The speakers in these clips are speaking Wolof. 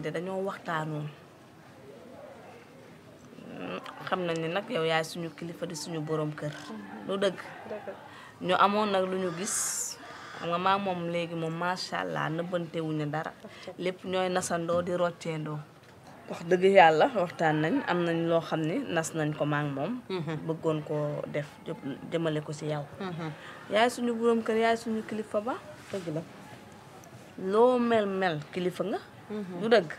ñii de dañoo waxtaanoon xam nañ ni nag yow yaay suñu kilifa di suñu boroom kër lu dëgg ñu amoon nag lu ñu gis xam nga maa moom léegi moom macha allah nëbbantewuñu dara lépp ñooy nasandoo di rocceendoo wax dëgg yàlla waxtaan nañ am nañ loo xam ne nas nañ ko maak moom mhm. bëggoon ko def jëmale ko ci yow mhm. yaay suñu borom kër yaay suñu kilifa ba loo mel mel kilifa nga du dëgg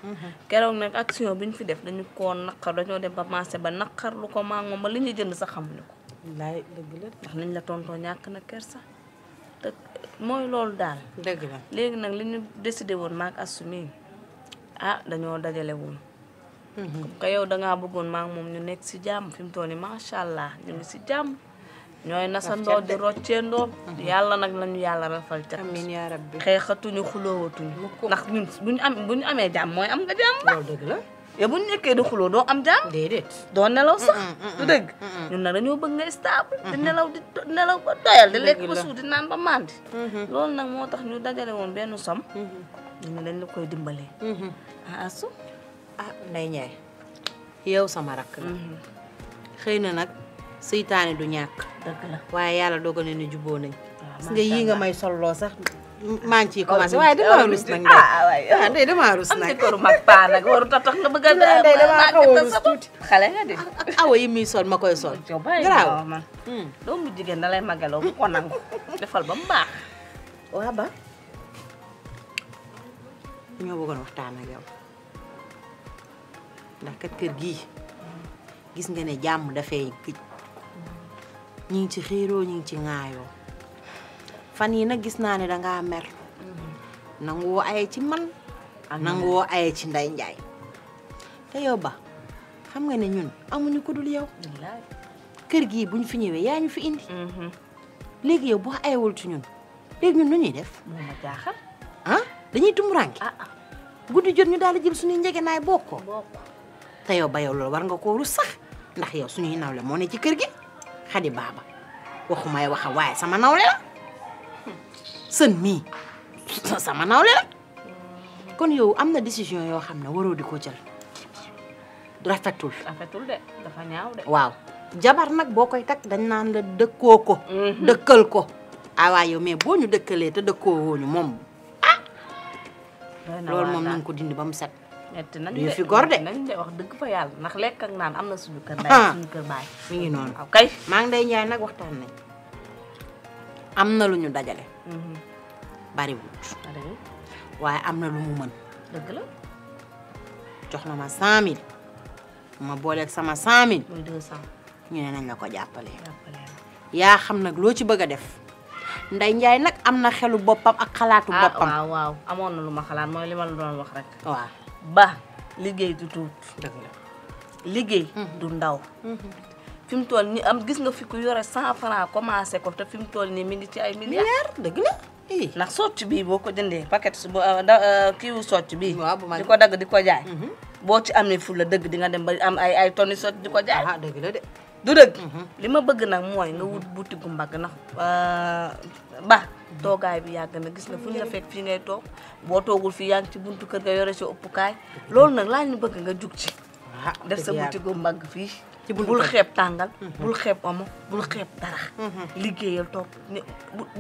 keroog nag action bi ñu fi def dañu koo naqar dañoo def ba marché ba naqar lu ko maa moom ba li ñu jënd sax xamuñu ko laay dëgg la ndax nañ la tontoo ñàkk na kersa te mooy loolu daal dëgg la léegi nag li ñu décidé woon maak assumé ah dañoo dajale woon mhm. comme que yow dangaa bëggoon maak moom ñu nekk si jàmm fi mu toll nii macha allah ñu ngi si jàmm ñooy nasandoo di rocceendoo mhm. yàlla nag lañu yàlla rafal cat amiin yaa rabbi xeexatuñu xuloowatuñu ndax ñun buñu am bu ñu amee jàmm mooy am nga jàmm ba loolu dëgg la bu ñu nekkee di xuloo doo am jàmm déedéet doo nelaw sax du dëgg ñun nag dañoo bëgg nga stable di nelaw di nelaw ba doyal di lekk ba suuf di ba màndi mm-hmm. loolu nag moo tax ñu dajale woon benn som mm-hmm. ñu dañ koy dimbalee mm-hmm. ah asu ah nday ñaay yow sama rakk la xëy na nag seytaane du ñàkk dëgg la waaye yàlla dogal na ne juboo nañ gis nga yii nga may solloo sax maa ngi ciy commencé oh, waaye damaa oh, rus nag ah, oh. ah day damaa rus nag. am na kër mag paa nag warut a tax nga bëgg a. day damaa xaw a rus tuuti xale nga de. awa yi muy sol ma koy sol. garaaw man hmm. doomu jigéen da lay magaloo ko nangu defal ba mu baax. waa ba ñoo bëggoon waxtaan ak yow ndax kat kër gii gis nga ne jàmm dafay gëj. ñi ngi ci xéeroo ñi ngi ci ŋaayoo fan yi nag gis naa ne dangaa mer mm-hmm. nangoo aye ci man mm-hmm. nangoo aye ci nday njaay te yow ba xam nga ne ñun amuñu ku dul yow kër gii buñ fi ñëwee yaa ñu fi indi mm-hmm. léegi yow boo ayewul ci ñun léegi ñun nu ñuy def moo ma jaaxal ah dañuy tumuraanke ah, ah. guddi ñu daal di jël suñuy njegenaay bokkoo te yow ba yow war nga ko rus sax ndax yow suñuy nawle moo ne ci kër gi xadi baaba waxumay waxa waaye sama nawle la sën mii sama nawle la kon yow am na décision yoo xam ne waroo di ko jël rafetul rafetul de dafa ñaaw waaw jabar nag boo koy takk dañ naan la dëkkoo ko mhm. dëkkal ko awaa ah, yow mais boo ñu dëkkalee te dëkkoo wooñu moom ah loolu moom nañ ko dindi ba mu set metti nañ de fi gor de nañ de wax dëgg fa yàlla ndax lekk ak naan am na suñu kër ndey suñu kër baay ngi noonu waaw kay maa ngi day ñaay nag waxtaan nañ am na lu ñu dajale mhm. bariwul waaye am na lu mu mën dëgg la jox na ma cent mille ma booleeg sama cent mille muy deux ñu ne nañ la ko jàppale yaa xam nag loo ci bëgg a def Ndeye Ndiaye nag am na xelu boppam ak xalaatu ah, boppam. amoon na lu ma xalaat moo li ma la doon wax rek. ba liggéey du tuut. liggéey mhm. du ndaw. Mhm. fi mu toll nii am gis nga fi ku yore cent franc commencé ko te fi mu toll nii mi ngi ci ay milliards dëgg ndax socc bii boo ko jëndee paquet su euh, euh, kii wu socc bii. di ko dagg di ko jaay. Mhm. boo ci amee fula dëgg di nga dem ba am ay ay tonnes socc di ko jaay. dëgg la de. du mhm. li ma bëgg nag mooy nga wut buti gu mbagg ndax euh, ba toogaay bi yàgg na gis na fu ñu la fii ngay toog boo toogul fii yaa ci buntu kër ga yore si ëppukaay mhm. loolu nag laa ñu bëgg nga jug ci. Ah, def sa boutique gu mbagg fii. ci mhm. bul xeeb tàngal. bul xeep omo bul xeeb dara. Mhm. liggéeyal topp ni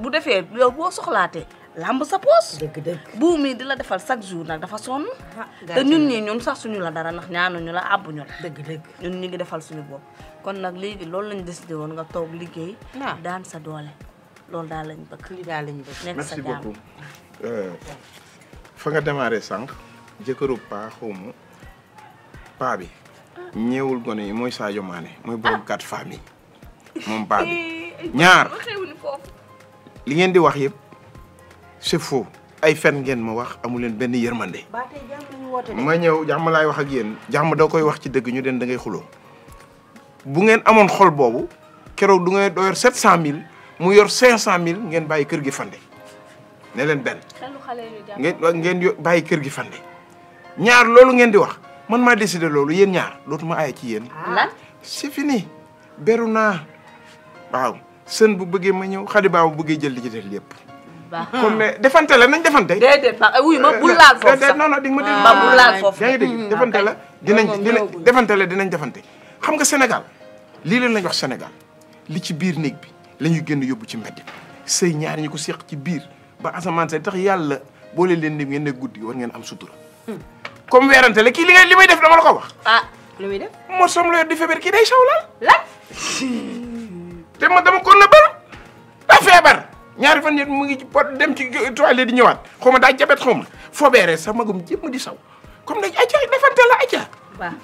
bu defee yow boo soxlaatee làmb sa poos. dëgg dëgg di la defal chaque jour nag dafa soon ah, te ñun ñii ñun sax suñu la dara ndax ñaanuñu la àbbuñu la. dëgg ñun ñu ngi defal suñu bopp. kon nag léegi loolu lañ décidé woon nga toog liggéey. Ah. daan sa doole loolu daal lañ bëgg. li daal lañ bëgg nekk sa jàmm merci beaucoup. Euh, fa nga démarré sànq jëkkëru paa xaw bi. ñeewul gone i mooy Sadio Mané mooy borom ah. quatre femmes yi moom paa eh, eh, eh, ñaar li ngeen di wax yëpp c'est faux ay fen ngeen ma wax amu leen benn yërmande. ma ñëw jàmm laay wax ak yéen jàmm da koy wax ci dëgg ñu den da ngay xuloo bu ngeen amoon xol boobu keroog du ngeen doo yor sept cent mille mu yor cinq cent mille ngeen bàyyi kër gi fande ne leen benn ngeen bàyyi kër gi fande ñaar loolu ngeen di wax man maa décidé loolu yéen ñaar dootuma aay ci yéen. Ah. lan c'est fini beru naa waaw sën bu bëggee ma ñëw xadi baa bu bëggee jël li ci def lépp. kon defante la nañ defante. déedéet wuy ma bul laal foofu sax non non di nga ma dégg. ma bul laal foofu yaa ngi dégg hmm, defante la dinañ dinañ defante la dinañ defante. xam nga Sénégal lii leen lañ wax Sénégal li ci biir néeg bi la ñuy génn yóbbu ci mbedd bi sëy ñaar ñi ko seq ci biir ba asamaan say tax yàlla boole leen ni ngeen ne guddi war ngeen am sutura. Hmm. comme weerante la kii li ngay li may def dama la ko wax. ah li muy di feebar kii day saw laal. lan. te ma dama ko nëbbal daa feebar ñaari mu ngi ci pot dem ci toilette di ñëwaat xaw ma daa jabet xaw ma foo beeree sax comme nag ayca defante la ayca. waaw.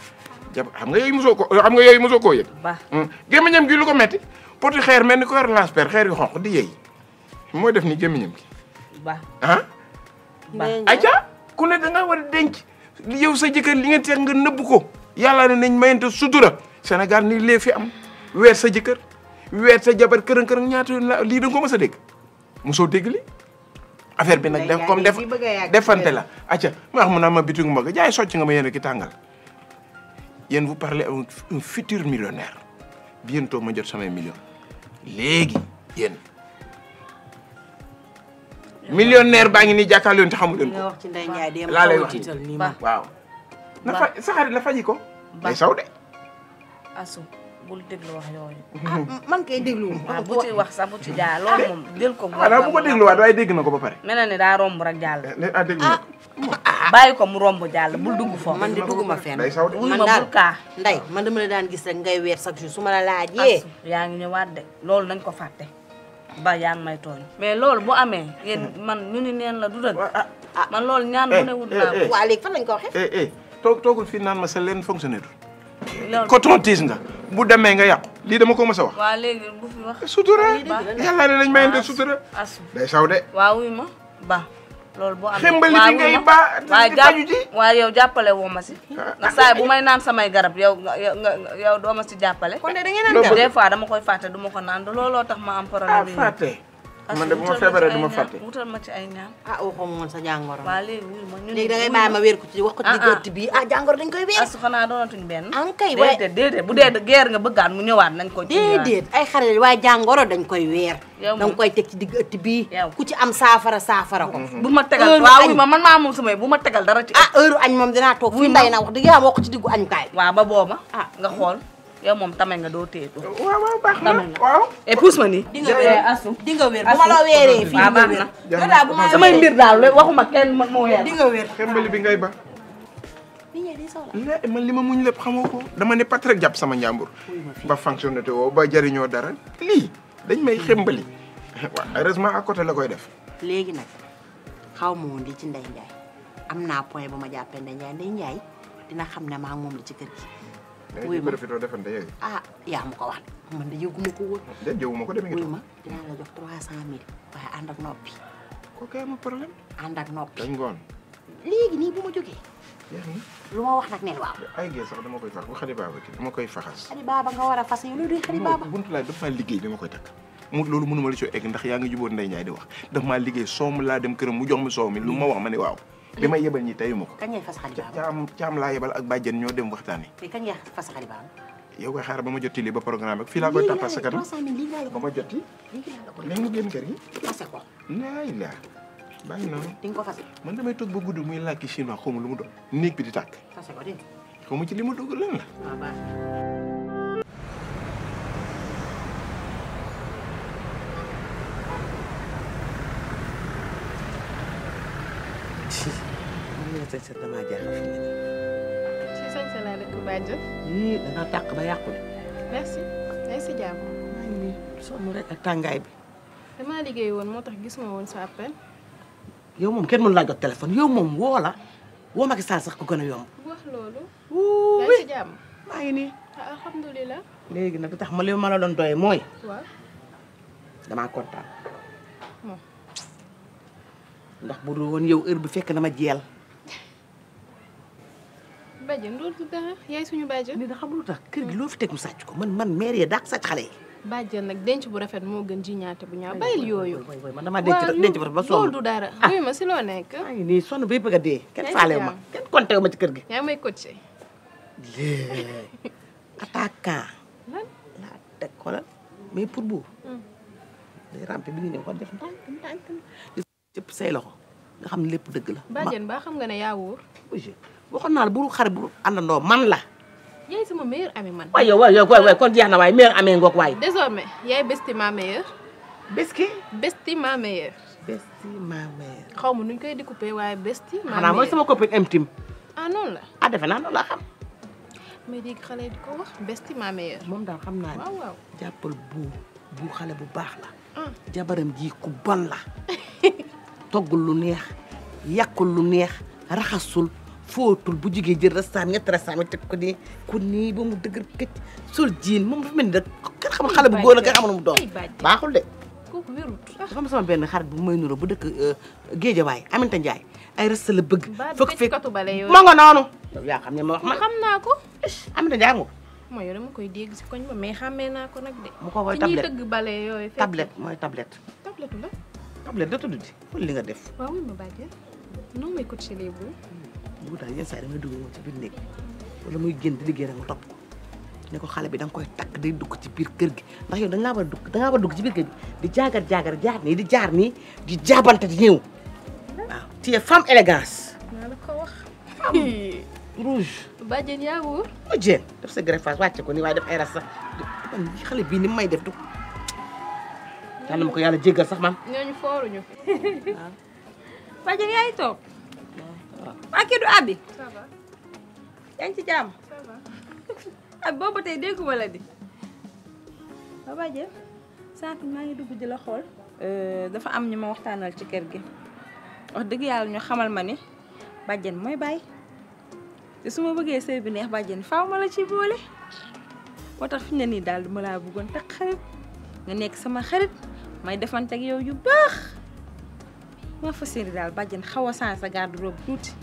jab xam nga yooyu mosoo ko xam yooyu mosoo koo yëg. waaw hmm. gémmiñam gi lu ko metti poti xeer mel ni ko yor lansper xeer yu xonq di yey mooy def ni gémmiñam gi. waaw ah. ayca ku ne da war denc. yow sa jëkkër li ngeen seex nga nëbb ko yàlla ne nañ mayante sutura Sénégal ni lee fi am weer sa jëkkër weer sa jabar këram këram ñaata yoon lii da nga ko mës a dégg mosoo dégg li affaire bi nag def comme def defante la acca ma wax mu naa ma bitig ma jaay socc nga ma yéen ki tàngal yéen vous parlez un futur millionnaire bientôt ma jot samay million léegi yéen millionnaire baa ngi nii jàkkaarloo te xamu leen ko. wax ci Ndeye Ndiaye démb laa lay wax nii waaw. a fa sa xarit na faji ko. day de. asu bul déglu ah, man kay déglu waaw ah, bu ci wax sax bu ci jaar moom jël ko. waaw bu ko dégluwaat waaye dégg na ko ba pare. mel na eh, ne ah, daa bàyyi ko mu romb jàll bul dugg foofu. man de dugg ma fenn wuy ma bul kaa. man dama la daan gis rek ngay weer chaque jour su ma la laajee. yaa ngi ñëwaat de loolu nañ ko fàtte. ba yaa ngi may tooñ. mais loolu bu amee. yéen hmm. man ñu ni neen la du dëgg. Ah, ah, ah. man loolu ñaan bu eh, ne wut naa ko. Eh, eh. waa léegi fan lañ ko waxee. toog toogul fii naan ma sa leen fonctionnaire. loolu coton tiis nga. bu demee nga yàqu lii dama ko mos a wax. waaw léegi bu fi wax. sutura yàlla ne nañ mayante sutura. as saw de. waaw wuy ma ba. loolu boo amee xembali bi ngay ba faju ji waaw yow jàppale woo ma si ah. ndax bu may naan samay garab yow nga yow doo ma si jàppale kon de da ngeen naan dama koy fàtte duma ma ko naan looloo tax ma am ah, problème fàtte man de bu ma feebaree du ma ah, oh, ma ci ay ñaan sa jàngoro waaw léegi wuy ma ñun léegi da ngay wax ko ci ah, ah. diggante bi dañ koy wér asu xanaa an bu dee geer nga bëggaan mu ñëwaat nañ ko déedéet ay xarel waaye jàngoro dañ koy weer danga koy teg ci digg ëtt bii ku ci am saafara saafara ko mm-hmm. bu ma tegal waaw ma man maa moom samay bu ma tegal dara ci ah heure añ moom dinaa toog fii nday na wax dëgg yaa ma wax ko ci diggu añ kaay waaw ba booba ah nga xool yow moom tame nga doo téye ko. waaw waaw baax na waaw. et eh, pousse ma nga wéer nga wéer bu ma la weeree fii nga moo eh, weer. di nga wéer xembali bi ngay ba. li man li ma muñ lépp xamoo ko dama ne pat jàpp sama njàmbur. ba fonctionné te woo ba jariñoo dara lii dañ may xembali. waaw heureusement à côté la koy def. léegi nag xaw ma woon li ci am naa point bu ma jàppee Ndeye Ndiaye Ndeye Ndiaye na xam ne maa moom la kër Eh, wuy ma ah yaa ma ko wax de man de yëguma ko woon. déedéet ah, yëguma ko de mi ngi wuy ma dinaa la jox trois cent mille waaye ànd ak noppi. kooku amul problème. ànd ak noppi dañ ngoon. léegi nii bu ma jógee. lu ma wax nag neen waaw. ay gee sax dama koy fax bu xali baaba ki dama koy faxas. xali baaba nga war a fas yow loolu du xali baaba. buntu laay dafa maa liggéey dama koy takk. mu loolu mënuma la ci egg ndax yaa ngi jubóot nday ñaay di wax daf maa liggéey soomu laa dem këram mu jox ma soow mi lu ma wax ma ne waaw li may yebal ñi tayuma ko. kañ ngay fas xalibaam caam caam laa yebal ak bàjjen ñoo dem waxtaanee. mais kañ koy xaar ba ma jotti lii ba programme rek fii laa koy tàppal sa kanam ba ma jotti. léegi mu génn kër gi. naay la bàyyi noonu. di nga ko toog ba gudd muy làkki chinois xaw ma lu mu doon. néeg bi di tàkk. fase ma ci li mu dugg lan la. Ah, ci man mii ba yàqu de. merci day si jàmm. maa ngi nii sonn tàngaay bi. damaa liggéey woon moo tax gisuma woon sa appel. yow moom kenn mënu laa jot téléphone yow moom woo la woo Macky Sall sax ko gën a yomb. wax loolu. wuuuy day si jàmm. maa ngi nii. ma li ma la doon doyee mooy. waaw damaa kontaan. ndax bu dul woon yow heure bi fekk na ma jeel. bàjjen loolu du dara yaay suñu bàjjen. ni da xam lu tax kër gi loo fi teg mu sàcc ko man man mère ya daak sàcc xale yi. bàjjen nag denc bu rafet moo gën ji ñaata bu ñaaw bàyyil yooyu. waaw man damaa denc denc bu rafet ba sonn. loolu du dara ah. wuyu ma si loo nekk. maa ngi nii sonn bay bëgg a dee. kenn faalewu ma kenn konté wu ma ci kër gi. yaa ngi may coaché. léegi attaquant. lan laa teg ko la mais pour bu. day rampé bi ñu ne ko def ndànk ndànk. cëpp say loxo nga xam ne lépp dëgg la. bàjjen ba xam nga ne yaa wóor. waxoon naa la bu xare bu àndandoo man la. yaay sama meilleure amie man. waaye yow waaye waaye kon jeex na waaye meilleure amie ngoog waaye. désormais yaay besti ma meilleure. besti. besti ma meilleure. besti ma meilleure. xaw ma nuñ koy découper waaye besti. ma meilleure xanaa mooy sama copine intime. ah noonu la. ah defe naa noonu laa xam. mais léegi xale di ko wax besti ma meilleure. moom daal xam naa ne waaw waaw. jàppal bu bu xale bu baax la. Ah. jabaram ji ku bon la. toggul lu neex yàqul lu neex raxasul fóotul bu jigéen jël rastaam ñetti rastaam teg ko nii ku nii ba mu dëgër këcc sol jiin moom dafa mel ni rek kan xam xale bu góor la kan xamul mu doon baaxul de kooku wérut dafa am sama benn xarit bu may nuroo bu dëkk euh, Géejawaay Aminta Ndiaye ay rasta la bëgg fëkk fekk ma nga noonu xam ne ma wax ma xam naa ko Aminta Ndiaye mo mooy koy dégg si koñ ba mais naa ko nag de mu ko koy tablette ñuy xam leen da tudd di wala li nga def. waaw ma bàjjee non mais coach lay bu. bu daal yenn saa yi damay dugg moom ci biir néeg wala muy génn di liggéey rek ma topp ko ne ko xale bi da nga koy takk day dugg ci biir kër gi ndax yow da ngaa war a dugg da ngaa war a dugg ci biir kër gi di jaagar jaagar jaar nii di jaar nii di jaabante di ñëw waaw. tu es femme élégance. naa la ko wax. rouge. bàjjen yaa wóor. mu jéem def sa greffage wàcce ko nii waaye def ay ras sax man xale bii ni may def du. yàlla ma ko yàlla jéggal sax man. ñooñu fooruñu. waaw. Fadjal yaa ngi toog. waaw kii du Abi. ça ci jàmm. ça va. Abi boobu tey dégguma la di. baba Dieng sànq maa ngi dugg di la xool. Euh, dafa am ñu ma waxtaanal ci kër gi wax dëgg yàlla ñu xamal ma ni bàjjen mooy bàyyi te su ma bëggee sëy bi neex bàjjen faaw ma la ci boole moo tax fi ne nii daal du ma laa buggoon takk xarit nga nekk sama xarit. may defanteeg yow yu baax ma fa daal bàjjen xaw a saa sa garde-robe tuuti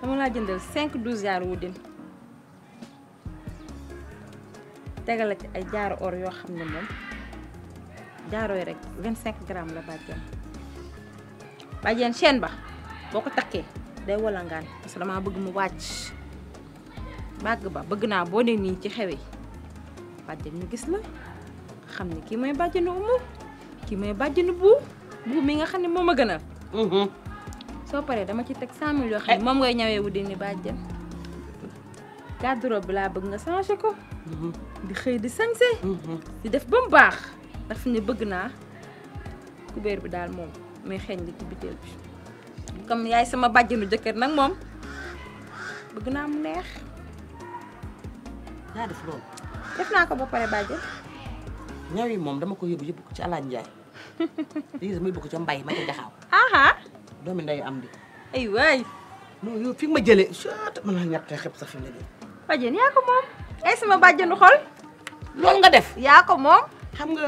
dama laa jëndal cinq douze jaaru wu din tegal ci ay jaaru or yoo xam ne moom jaaroo yi rek vingt cinq grammes la bàjjen bàjjen chaîne ba boo ko takkee day walangaan parce que damaa bëgg mu wàcc bàgg ba bëgg naa boo ne nii ci xew yi ñu gis la xam ne kii mooy bàjjenu Umu kii mais bàjjenu bu bu mi nga xam ne moom a gën gënal. Mm-hmm. soo paree dama ci teg 100000 yoo xam ne moom ngay ñawee wu di ni bàjjen. garde bi laa bëgg nga changé ko. Mm-hmm. di xëy di sañse mm-hmm. di def ba mu baax ndax ne bëgg naa kubéer bi daal moom mais xeeñ li ci biteel yaay sama bàjjenu jëkkër nag moom bëgg naa mu neex. naa def loolu. def naa ko ba pare bàjjen. ñaw yi moom dama ko yóbbu yóbbu ko ci Alaaji Njaay léegi muy bokk ca mbay ma ca jaxaaw. doomi nday am di. ay waay. non fi ma jëlee chat mën naa ñàkk xepp sax fi mu ne nii. bàjjen nga def. yaa ko moom. xam nga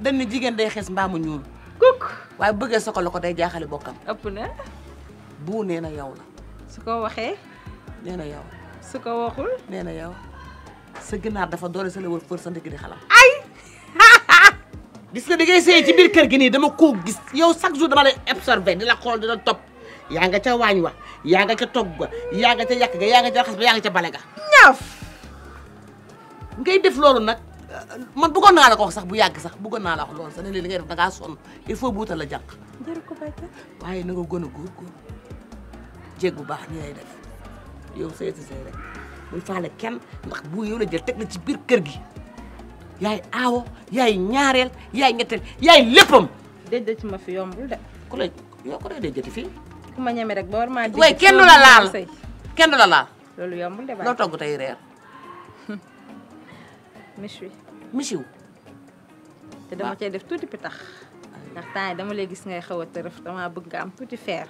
dañ jigéen day xees mbaamu ñuul. kuk waaye bëggee sokolo ko day jaaxale bokkam. ëpp na. bu nee na yow la. su ko waxee. nee na yow. su ko waxul. nee na yow. sa ginaar dafa doole sa lewal fër sa ndigg di xalam. gis nga di ngay sëy ci biir kër gi nii dama koo gis yow chaque jour dama lay observé di la xool di la topp yaa nga ca waañ wa yaa nga ca togg ba yaa nga ca yàq ga yaa nga ca raxas ba yaa ga ñaaf ngay def loolu nag man bëggoon naa la ko wax bu yàgg sax bëggoon naa la wax loolu sax ne li ngay def da ngaa il faut buutal la jànq jëru na nga gën a góorgóor jéeg bu baax yow sëy kenn bu yow la jël teg na ci biir kër gi yaay aawo yaay ñaareel yaay ñetteel yaay léppam. ci ma fi yombul de. ku la yoo ko lay déjati ku ma ñeme ba war maa. waaye kenn du la la loolu yombul de baax loo togg tey reer. méchoui. méchoui. te dama ah. cay def tuuti pitax. ndax temps yi dama lay gis ngay xaw a tërëf dama bëgg nga am tuuti feer.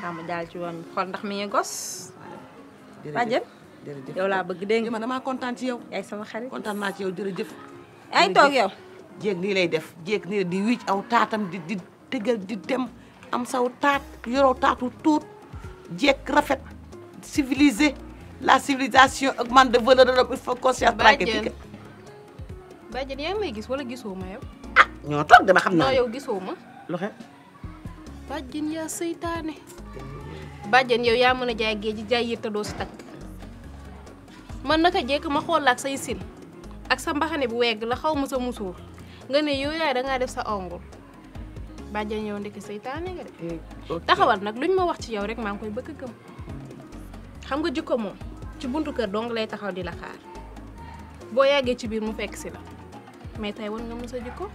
xam nga daal ci woon xool ndax mi ngi gos. jërëjëf jërëjëf yow laa bëgg dégg nga man damaa kontaan ci yow. yaay sama xarit kontaan naa ci ay toog yow. jéeg nii lay def jéeg nii di wiic aw taatam di di tëgal di dem am saw taat yoroo taatu tuut jéeg rafet civilisé la civilisation ak man de valeur de l'homme il faut conscience pratique. Badiane yaa ngi may gis wala gisoo ma yow. ah xam naa. non ma. lu xew. Badiane yow yaa mën a jaay géej gi jaay man naka jekk ma xool ak say sil ak sa mbaxane bu wegg la xaw ma sa musuur nga ne yow yaay dangaa def sa ongul bàjjan yow ndekki seytaane nga de eh, taxawal nag luñ ma wax ci yow rek maa ngi koy bëgg gëm xam nga jikko moom ci buntu kër dong lay taxaw di la xaar boo yàggee ci biir mu fekk si la mais tey wan nga mos a jikko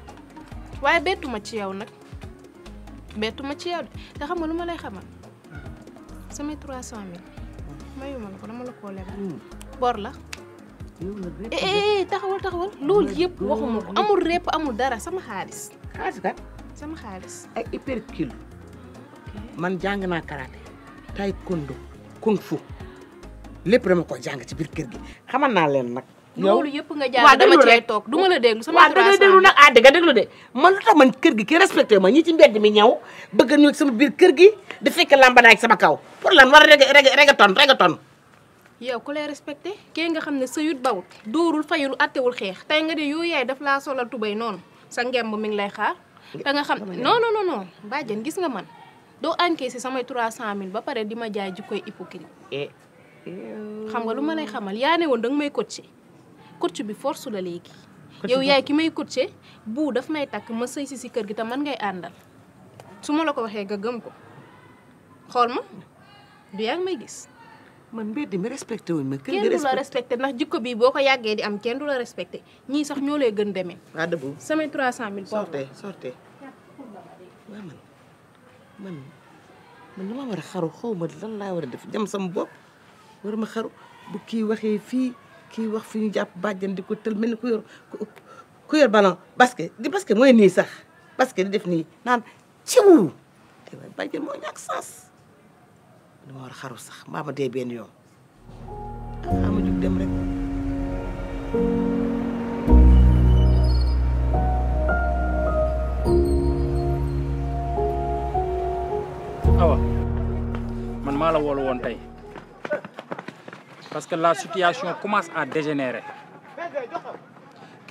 waaye bettu ma ci yow nag bettu ma ci yow de te xam nga lu ma lay xamal samay 300000 mayu ma la ko dama la koo lebal hmm. bor la. Eh, eh, eh, taxawal taxawal loolu yëpp waxuma ko amul répp amul dara sama xaalis. xaalis kat. sama xaalis. ay hypercule man jàng naa karaté taekwondo kung fu lépp dama ko jàng ci biir kër gi xamal naa leen nag. yow loolu yëpp nga jàng dama cee toog du ma la déglu sama waaw da nga déglu nag ah dëgg nga déglu de man lu tax man kër gi ki respecté ma ñi ci mbedd mi ñëw bëgg a ñëw sama biir kër gi di fekk lamba naag sama kaw pour lan war a rege rege regeton regeton yow ku lay respecté kee nga xam ne sëyut bawut dóorul fayul attewul xeex tey nga ne yow yaay daf laa solal tubéy noonu sa ngemb mi ngi lay xaar te nga xam non non non non bàjjen gis nga man doo encaissé samay 300000 ba pare di ma jaay jikkoy hypocrite eh. xam nga lu ma lay xamal yaa ne woon danga may coaché coach bi force la léegi yow yaay ki may coaché bu daf may takk ma sëy si si kër gi te man ngay àndal su ma la ko waxee nga gëm ko xool ma du may gis man di mi respecté wuñ ma. kenn du la respecté ndax jikko bii boo ko yàggee di am kenn du la respecté ñii sax ñoo lay gën demee. waa ah, dëgg sama 300000. sorte sorte waaw man man man dama war a xaru xaw ma lan laa war a def jam sama bopp war ma xaru bu kii waxee fii kii wax fi ñu jàpp bàjjan di ko tël mel ni ku yor ku yor ballon basket di basket mooy nii sax basket di def nii naan ciwu aywa bàjjan moo ñàkk saas. dama war sax mbaa ma benn yoon xaama ah, jug man maa la woolu woon tey parce que la situation commence à dégénérer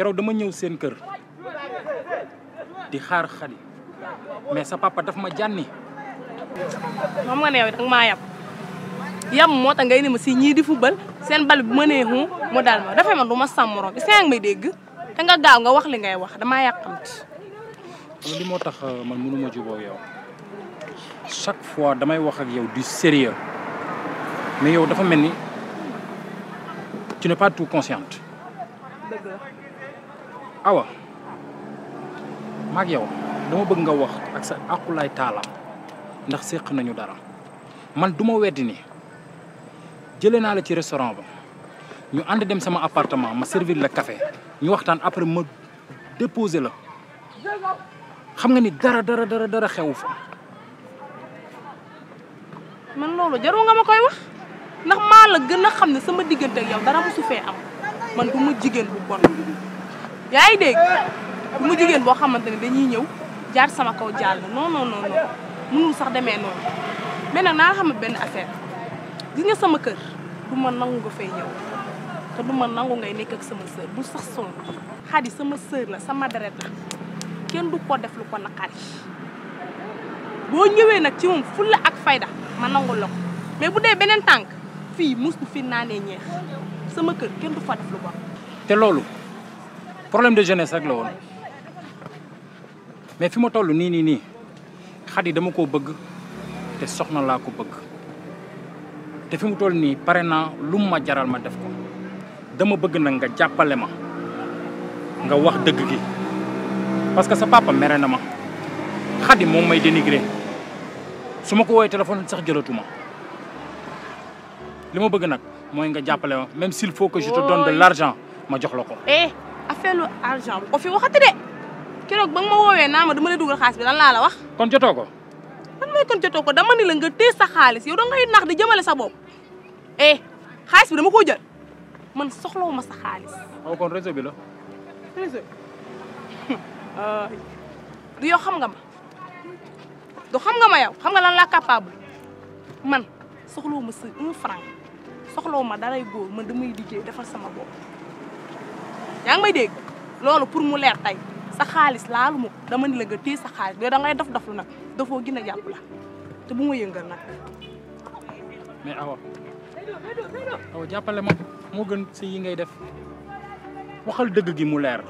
keroog dama ñëw seen kër di xaar xadi mais sa papa daf ma jànni moom nga ne yow it maa yàpp yam moo tax ngay ne ma si ñii di bal seen bal bu ma nee xun mu dal ma dafay man du ma sàmm morom bi may dégg te nga gaaw nga wax li ngay wax damaa yàqamti. xam li moo tax euh, man mënu ma jubóo yow fois damay wax ak yow du sérieux mais yow dafa mel ni tu n'es pas tout awa maak yow dama bëgg nga wax ak sa àqulaay taala ndax séq nañu dara man du ma ni jëlee naa la ci restaurant ba ñu ànd dem sama appartement ma servir la kafe ñu waxtaan après ma déposé la xam nga ni dara dara dara dara xewu fa. man loolu jarul nga ma koy wax ndax maa la gën a xam ne sama diggante ak yow dara mosu fee am man du ma jigéen bu bon. yaa ngi dégg du ma jigéen boo xamante ne dañuy ñëw jaar sama kaw jàll non non non non sax demee noonu mais nag naa xam benn affaire. gis nga sama kër du ma nangu nga fay ñëw nangu ngay nekk ak sama sœur bu sax sonn Xadi sama sœur la sama deret la kenn du ko def lu ko naqari boo ñëwee nag ci moom fulla ak fayda ma nangu la mais bu dee beneen tànk fii mus du fi naanee ñeex sama kër kenn du fa def lu bon te loolu problème de jeunesse rek la woon mais fi ma toll nii nii nii Xadi dama koo bëgg te soxna laa ko bëgg te fi mu toll nii pare na lu mu ma jaral ma def ko dama bëgg nag nga jàppale ma nga wax dëgg gi parce que sa papa mere na ma xadi moom may dénigré su ma ko woowee téléphone sax jëlatuma li ma bëgg nag mooy nga jàppale ma même s'il faut que je te donne de l'argent ma jox la ko. eh affaire lu argent ko fi waxati de keroog ba nga ma woowee naa ma dama lay dugal xaalis bi lan laa la wax. kon jotoo ko. lan mooy kon jotoo ko dama ni la nga téye sa xaalis yow da ngay nax di jëmale sa bopp. eh xaalis bi dama koo jël man soxlawu ma sa xaalis. waaw oh, kon bi la. du euh, yow xam nga ma du xam nga ma yow xam nga lan laa capable man soxlawu ma sa un franc soxlawu ma daray góor man damay liggéey defal sama bopp yaa ngi may dégg loolu pour mu leer tey. sa xaalis laalu ma dama ni la nga téye sa xaalis yooyu da ngay daf daf nag dafoo gën a jàpp te bu ma yënga nag mais awa waaw jàppale ma moo gën si yi ngay def waxal dëgg gi mu leer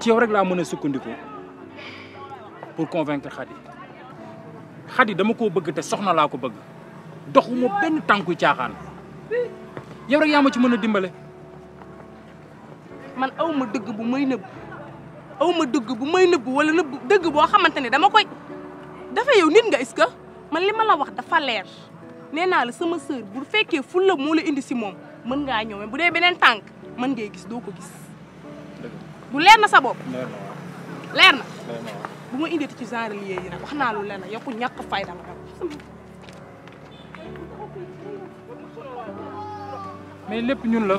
ci yow rek laa mën a sukkandiku pour convaincre Khady Khady dama koo bëgg te soxna laa ko bëgg doxuma benn tànku caaxaan yow rek yaa ma ci mën a dimbale. man aw ma dëgg bu may nëbb aw ma dëgg bu may nëbb wala nëbb dëgg boo xamante ne dama koy dafa yow nit nga est man li man la wax dafa leer. nee naa la sama sœur bu fekkee fulla moo la indi si moom mën ngaa ñëw bu dee beneen tànk mën ngay gis doo ko gis. bu leer na sa bopp. leer na bu ma indee ci genre lié yi nag wax naa lu leer na yokku ñàkk fayda la mais lépp ñun la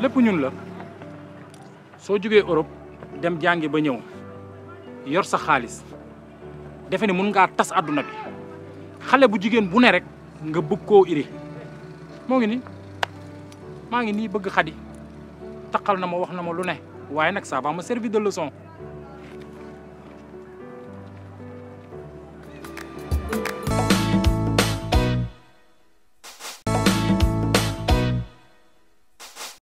lépp ñun la soo jógee Europe dem jàngi ba ñëw yor sa xaalis defe ne mën ngaa tas àdduna bi. xale bu jigéen bu ne rek nga bëgg koo iri moo ngi ni maa ngi nii bëgg xadi taqal na ma wax na ma lu ne waaye nag ça va ma servir de leçon